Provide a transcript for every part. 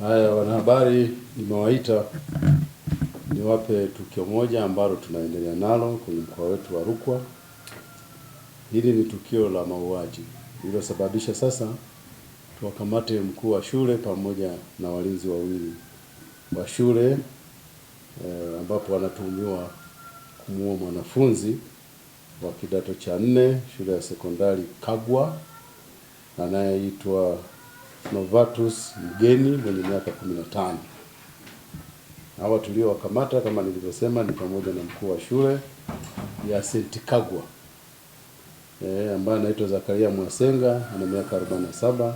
Haya, wanahabari, nimewaita niwape tukio moja ambalo tunaendelea nalo kwenye mkoa wetu wa Rukwa. Hili ni tukio la mauaji lililosababisha sasa tuwakamate mkuu wa shule pamoja na walinzi wawili wa shule eh, ambapo wanatuhumiwa kumuua mwanafunzi wa kidato cha nne shule ya sekondari Kagwa anayeitwa Novatus Mgeni mwenye miaka 15. Hawa tuliowakamata kama nilivyosema ni pamoja na mkuu wa shule ya St. Kagwa e, ambaye anaitwa Zakaria Mwasenga ana miaka 47,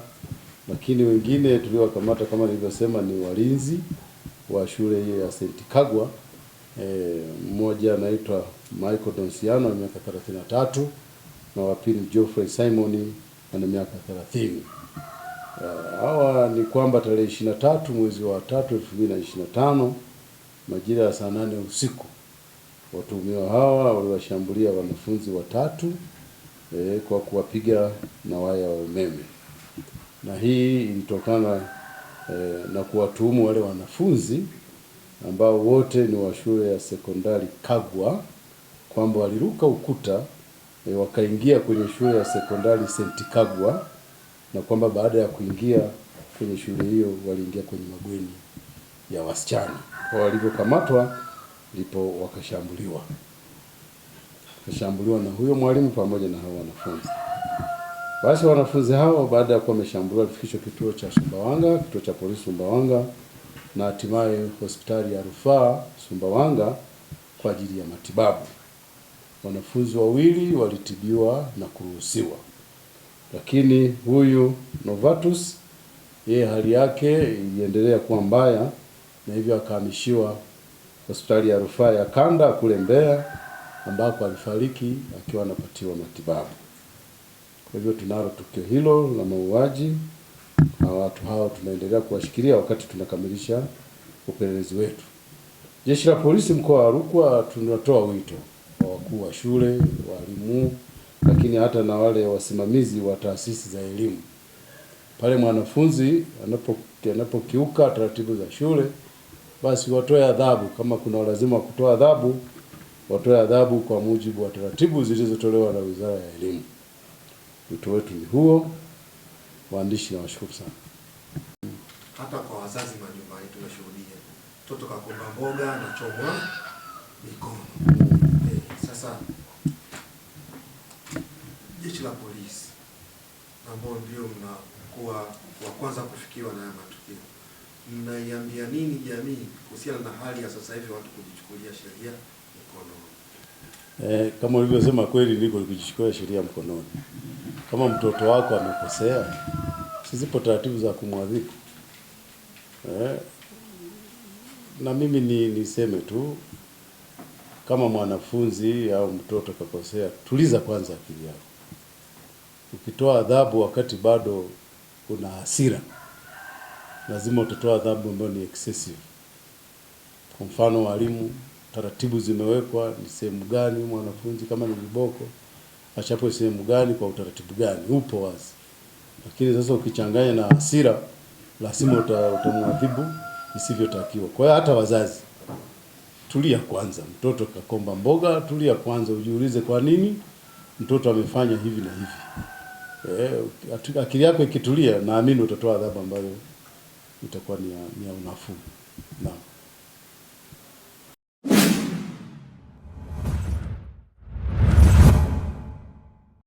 lakini wengine tuliowakamata kama nilivyosema ni walinzi wa shule hiyo ya St. Kagwa e, mmoja anaitwa Michael Donsiano ana miaka 33 na wapili Geoffrey Simon ana miaka 30. Hawa ni kwamba tarehe ishirini na tatu mwezi wa tatu elfu mbili na ishirini na tano majira ya saa nane usiku watuhumiwa hawa waliwashambulia wanafunzi watatu e, kwa kuwapiga na waya wa umeme, na hii ilitokana e, na kuwatuhumu wale wanafunzi ambao wote ni wa shule ya sekondari Kagwa kwamba waliruka ukuta e, wakaingia kwenye shule ya sekondari St. Kagwa na kwamba baada ya kuingia kwenye shule hiyo waliingia kwenye mabweni ya wasichana kwa walivyokamatwa, ndipo wakashambuliwa wakashambuliwa na huyo mwalimu pamoja na hao wanafunzi. Basi wanafunzi hao baada ya kuwa wameshambuliwa walifikishwa kituo cha Sumbawanga, kituo cha polisi Sumbawanga na hatimaye hospitali ya rufaa Sumbawanga kwa ajili ya matibabu. Wanafunzi wawili walitibiwa na kuruhusiwa lakini huyu Novatus yeye hali yake iliendelea kuwa mbaya, na hivyo akahamishiwa hospitali ya rufaa ya kanda kule Mbeya, ambapo alifariki akiwa anapatiwa matibabu. Kwa hivyo tunalo tukio hilo la mauaji na watu hao tunaendelea kuwashikilia wakati tunakamilisha upelelezi wetu. Jeshi la Polisi mkoa wa Rukwa tunatoa wito kwa wakuu wa shule, walimu lakini hata na wale wasimamizi wa taasisi za elimu. Pale mwanafunzi anapokiuka anapo taratibu za shule, basi watoe adhabu. Kama kuna ulazima wa kutoa adhabu, watoe adhabu kwa mujibu wa taratibu zilizotolewa na Wizara ya Elimu. Wito wetu ni huo. Waandishi, nawashukuru sana. Hata kwa wazazi majumbani tunashuhudia mtoto kakomba mboga na chomwa mikono. Mm. Hey, eh, sasa jeshi la polisi ambao ndio mnakuwa wa kwanza kufikiwa na haya matukio, mnaiambia nini jamii kuhusiana na hali ya sasa hivi watu kujichukulia sheria mkononi? Eh, kama ulivyosema kweli ndiko kujichukulia sheria mkononi. Kama mtoto wako amekosea, sizipo taratibu za kumwadhibu eh, na mimi ni niseme tu kama mwanafunzi au mtoto kakosea, tuliza kwanza akili yako. Ukitoa adhabu wakati bado una hasira, lazima utatoa adhabu ambayo ni excessive. Kwa mfano, walimu, taratibu zimewekwa ni sehemu gani mwanafunzi kama ni viboko achapo sehemu gani kwa utaratibu gani upo wazi, lakini sasa ukichanganya na hasira, lazima utamwadhibu isivyotakiwa. Kwa hiyo hata wazazi, tulia kwanza, mtoto kakomba mboga, tulia kwanza, ujiulize kwa nini mtoto amefanya hivi na hivi eh, akili yako ikitulia, naamini utatoa adhabu ambayo itakuwa ni ya unafuu. Naam.